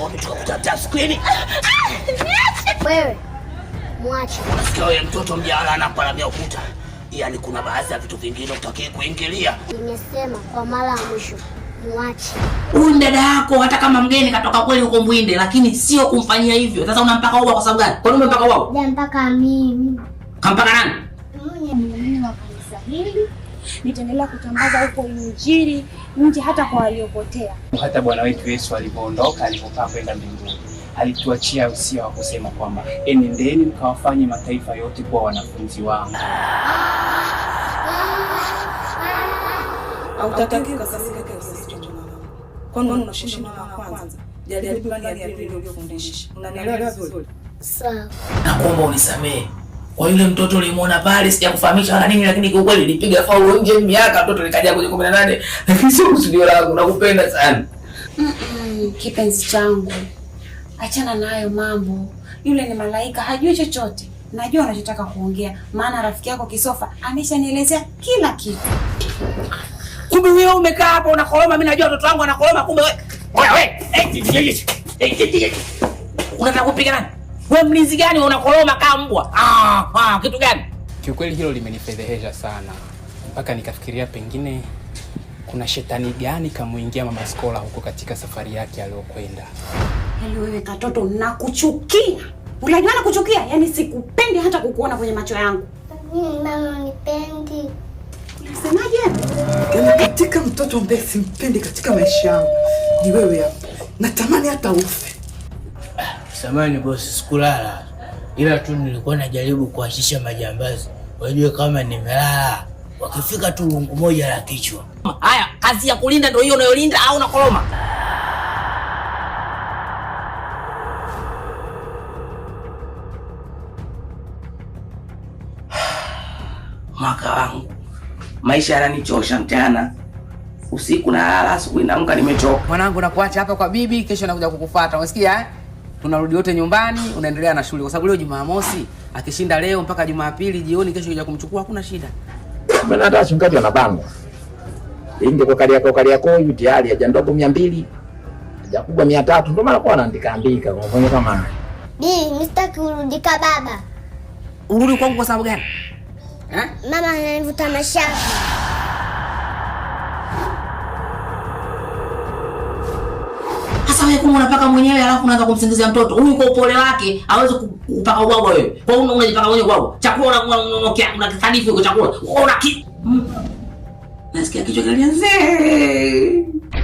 leo wametoka skrini. Wewe mwache nasikia wewe mtoto mjala anaparamia ukuta, yaani kuna baadhi ya vitu vingine utakie kuingilia. Nimesema kwa mara ya mwisho huyu dada yako, hata kama mgeni katoka kweli huko Mwinde, lakini sio kumfanyia hivyo. Sasa unampaka uba kwa sababu gani? Kwa nini unampaka uba? Kampaka nani? Mimi mimi wa kanisa hili nitaendelea kutambaza huko Injili nje hata kwa waliopotea. Hata Bwana wetu Yesu alipoondoka, alipokaa kwenda mbinguni, alituachia usia wa kusema kwamba enendeni mkawafanye mataifa yote kuwa wanafunzi wangu. kwa ndani ya Nakuomba unisamehe kwa yule mtoto ulimwona pale, sijakufahamisha wala nini, lakini kiukweli nilipiga faulu nje miaka mtoto nikaja kwenye kumi na nane, lakini sio kusudio langu. Nakupenda sana mm -mm, kipenzi changu, achana nayo mambo. Yule ni malaika, hajui chochote. Najua unachotaka kuongea, maana rafiki yako Kisofa ameshanielezea kila kitu. Kumbe wewe umekaa hapa unakoroma, mimi najua mtoto wangu wanakoroma, kumbe wewe unataka kupiga nani? We mlinzi gani unakoroma kama mbwa? Ah, ah, kitu gani? Kiukweli hilo limenifedhehesha sana, mpaka nikafikiria pengine kuna shetani gani kamuingia mama Skola huko katika safari yake aliyokwenda. Yaani wewe katoto, nakuchukia. Unajua nakuchukia, yaani sikupendi hata kukuona kwenye macho yangu. Mimi mama nipendi. Unasemaje hapo? Yaani katika mtoto ambaye simpendi katika maisha yangu ni wewe hapo. Natamani hata ufe. Samani bosi, sikulala, ila tu nilikuwa najaribu kuachisha majambazi wajue kama nimelala, wakifika tu lungu moja la kichwa. Haya, kazi ya kulinda ndio hiyo unayolinda au unakoroma? Mwaka wangu maisha yananichosha, mchana usiku nalala, asubuhi naamka nimechoka. Mwanangu, nakuacha hapa kwa bibi, kesho nakuja kukufuata, unasikia eh? tunarudi wote nyumbani, unaendelea na shule, kwa sababu leo Jumamosi, akishinda leo mpaka Jumapili jioni, kesho kuja kumchukua hakuna shida. Maana hata mchungaji anabana inge kwa kali yako kali yako, hiyo tayari haja ndogo 200 ya kubwa 300, ndio maana kwa anaandika andika kwa mfano kama bi, msitaki urudi kwa baba. Urudi kwangu kwa sababu gani? Eh, mama ananivuta mashaka Sasa wewe kama unapaka mwenyewe alafu unaanza kumsingizia mtoto. Huyu kwa upole wake hawezi kupaka ubao wewe. Kwa hiyo unajipaka mwenyewe ubao. Chakula unakia una kisadifu uko chakula. Una ki. Hmm. Nasikia kichwa kilianze.